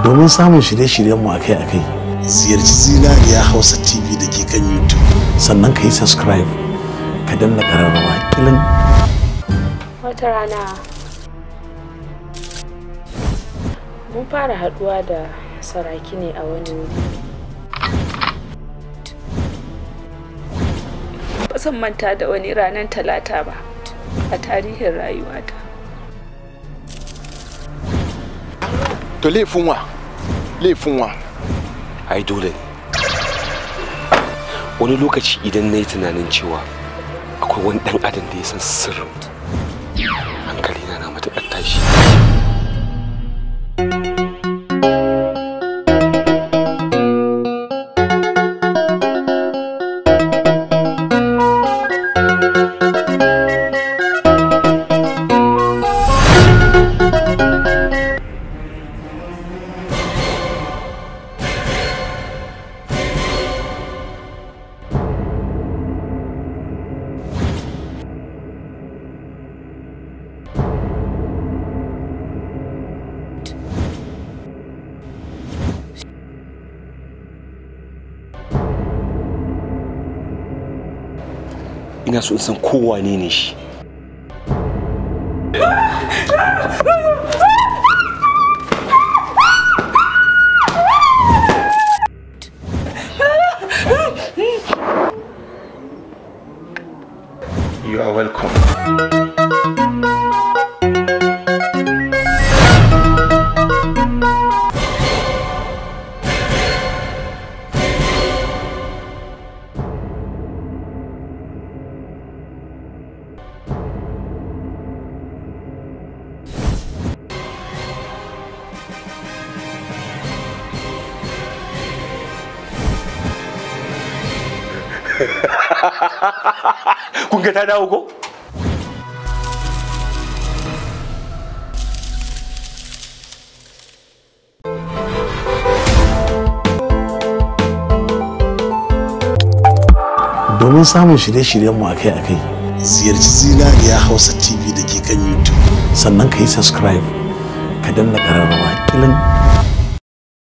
domin samun shirye-shiryenmu akai-akai. Ziyarci Zinariya Hausa TV da ke kan YouTube. Sannan ka yi subscribe, ka danna ƙararrawa kilin. Wata rana mun fara haɗuwa da saraki ne a wani ba zan manta da wani ranar talata ba a tarihin rayuwata. to laifin wa laifin wa ai dole ne wani lokaci idan na yi tunanin cewa akwai wani ɗan adam da ya san sirrin hankali na na matuƙar tashi thank ina so in san ne shi You are welcome. kun ga ta dawo ko domin samun shirye-shiryenmu akai-akai ziyarci zinariya hausa tv da ke kan youtube sannan ka yi subscribe ka danna ƙararrawa kilin